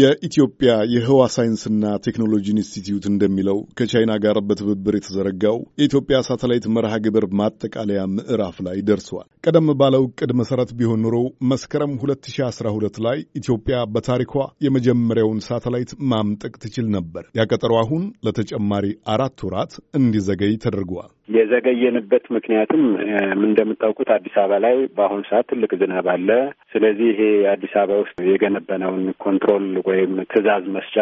የኢትዮጵያ የህዋ ሳይንስና ቴክኖሎጂ ኢንስቲትዩት እንደሚለው ከቻይና ጋር በትብብር የተዘረጋው የኢትዮጵያ ሳተላይት መርሃ ግብር ማጠቃለያ ምዕራፍ ላይ ደርሷል። ቀደም ባለው ዕቅድ መሠረት ቢሆን ኖሮ መስከረም 2012 ላይ ኢትዮጵያ በታሪኳ የመጀመሪያውን ሳተላይት ማምጠቅ ትችል ነበር። ያቀጠሩ አሁን ለተጨማሪ አራት ወራት እንዲዘገይ ተደርገዋል። የዘገየንበት ምክንያትም እንደምታውቁት አዲስ አበባ ላይ በአሁኑ ሰዓት ትልቅ ዝናብ አለ። ስለዚህ ይሄ አዲስ አበባ ውስጥ የገነበነውን ኮንትሮል ወይም ትዕዛዝ መስጫ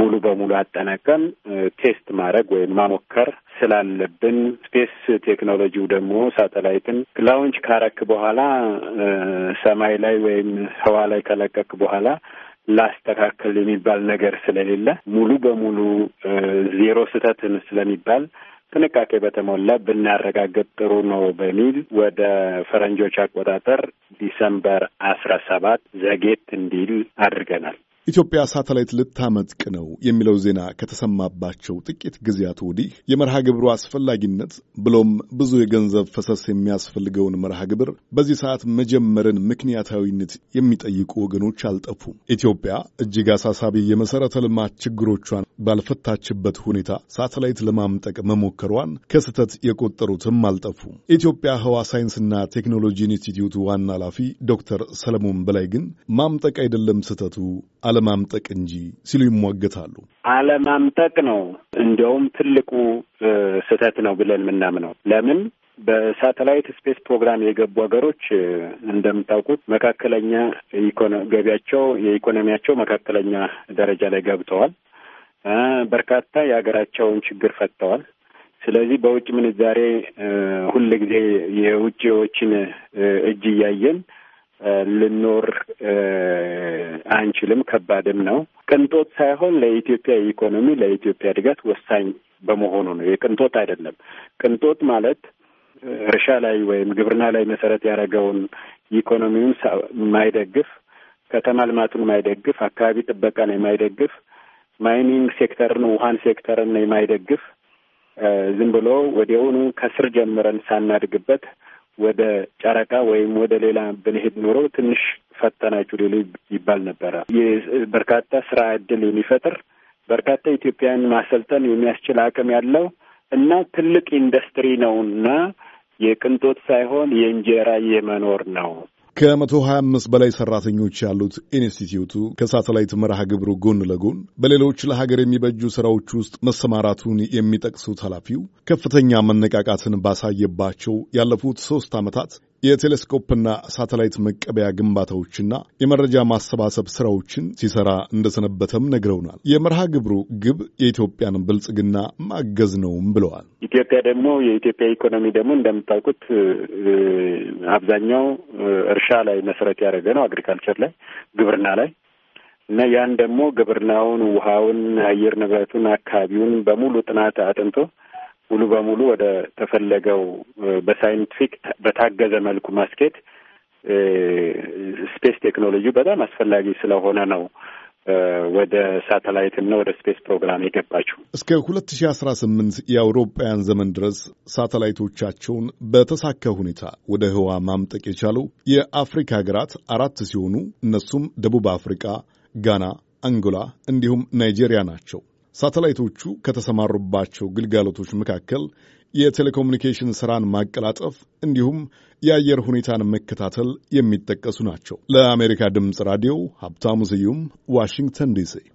ሙሉ በሙሉ አጠናቀን ቴስት ማድረግ ወይም ማሞከር ስላለብን ስፔስ ቴክኖሎጂው ደግሞ ሳተላይትን ላውንች ካረክ በኋላ ሰማይ ላይ ወይም ህዋ ላይ ከለቀክ በኋላ ላስተካከል የሚባል ነገር ስለሌለ ሙሉ በሙሉ ዜሮ ስህተትን ስለሚባል ጥንቃቄ በተሞላ ብናረጋግጥ ጥሩ ነው በሚል ወደ ፈረንጆች አቆጣጠር ዲሰምበር አስራ ሰባት ዘጌት እንዲል አድርገናል። ኢትዮጵያ ሳተላይት ልታመጥቅ ነው የሚለው ዜና ከተሰማባቸው ጥቂት ጊዜያት ወዲህ የመርሃ ግብሩ አስፈላጊነት ብሎም ብዙ የገንዘብ ፈሰስ የሚያስፈልገውን መርሃ ግብር በዚህ ሰዓት መጀመርን ምክንያታዊነት የሚጠይቁ ወገኖች አልጠፉም። ኢትዮጵያ እጅግ አሳሳቢ የመሠረተ ልማት ችግሮቿን ባልፈታችበት ሁኔታ ሳተላይት ለማምጠቅ መሞከሯን ከስህተት የቆጠሩትም አልጠፉም። የኢትዮጵያ ህዋ ሳይንስና ቴክኖሎጂ ኢንስቲትዩት ዋና ኃላፊ ዶክተር ሰለሞን በላይ ግን ማምጠቅ አይደለም ስህተቱ አለ አለማምጠቅ እንጂ ሲሉ ይሟገታሉ። አለማምጠቅ ነው እንዲያውም ትልቁ ስህተት ነው ብለን የምናምነው ለምን በሳተላይት ስፔስ ፕሮግራም የገቡ ሀገሮች እንደምታውቁት መካከለኛ ገቢያቸው የኢኮኖሚያቸው መካከለኛ ደረጃ ላይ ገብተዋል። በርካታ የሀገራቸውን ችግር ፈጥተዋል። ስለዚህ በውጭ ምንዛሬ ጊዜ የውጭዎችን እጅ እያየን ልኖር አንችልም። ከባድም ነው። ቅንጦት ሳይሆን ለኢትዮጵያ ኢኮኖሚ፣ ለኢትዮጵያ እድገት ወሳኝ በመሆኑ ነው። የቅንጦት አይደለም። ቅንጦት ማለት እርሻ ላይ ወይም ግብርና ላይ መሰረት ያደረገውን ኢኮኖሚውን የማይደግፍ ከተማ ልማቱን የማይደግፍ አካባቢ ጥበቃን የማይደግፍ ማይኒንግ ሴክተርን ውሃን ሴክተርን የማይደግፍ ዝም ብሎ ወዲያውኑ ከስር ጀምረን ሳናድግበት ወደ ጨረቃ ወይም ወደ ሌላ ብንሄድ ኖሮ ትንሽ ፈተናችሁ ሌሎ ይባል ነበረ። በርካታ ስራ እድል የሚፈጥር በርካታ ኢትዮጵያን ማሰልጠን የሚያስችል አቅም ያለው እና ትልቅ ኢንዱስትሪ ነው እና የቅንጦት ሳይሆን የእንጀራ የመኖር ነው ከ125 በላይ ሰራተኞች ያሉት ኢንስቲትዩቱ ከሳተላይት መርሃ ግብሩ ጎን ለጎን በሌሎች ለሀገር የሚበጁ ስራዎች ውስጥ መሰማራቱን የሚጠቅሱት ኃላፊው ከፍተኛ መነቃቃትን ባሳየባቸው ያለፉት ሶስት ዓመታት የቴሌስኮፕና ሳተላይት መቀበያ ግንባታዎችና የመረጃ ማሰባሰብ ስራዎችን ሲሰራ እንደሰነበተም ነግረውናል። የመርሃ ግብሩ ግብ የኢትዮጵያን ብልጽግና ማገዝ ነውም ብለዋል። ኢትዮጵያ ደግሞ የኢትዮጵያ ኢኮኖሚ ደግሞ እንደምታውቁት አብዛኛው እርሻ ላይ መሰረት ያደረገ ነው፣ አግሪካልቸር ላይ ግብርና ላይ እና ያን ደግሞ ግብርናውን፣ ውሃውን፣ አየር ንብረቱን፣ አካባቢውን በሙሉ ጥናት አጥንቶ ሙሉ በሙሉ ወደ ተፈለገው በሳይንቲፊክ በታገዘ መልኩ ማስኬት ስፔስ ቴክኖሎጂ በጣም አስፈላጊ ስለሆነ ነው ወደ ሳተላይትና ወደ ስፔስ ፕሮግራም የገባችው። እስከ ሁለት ሺህ አስራ ስምንት የአውሮፓውያን ዘመን ድረስ ሳተላይቶቻቸውን በተሳካ ሁኔታ ወደ ህዋ ማምጠቅ የቻሉ የአፍሪካ ሀገራት አራት ሲሆኑ እነሱም ደቡብ አፍሪካ፣ ጋና፣ አንጎላ እንዲሁም ናይጄሪያ ናቸው። ሳተላይቶቹ ከተሰማሩባቸው ግልጋሎቶች መካከል የቴሌኮሙኒኬሽን ሥራን ማቀላጠፍ እንዲሁም የአየር ሁኔታን መከታተል የሚጠቀሱ ናቸው። ለአሜሪካ ድምፅ ራዲዮ ሀብታሙ ስዩም ዋሽንግተን ዲሲ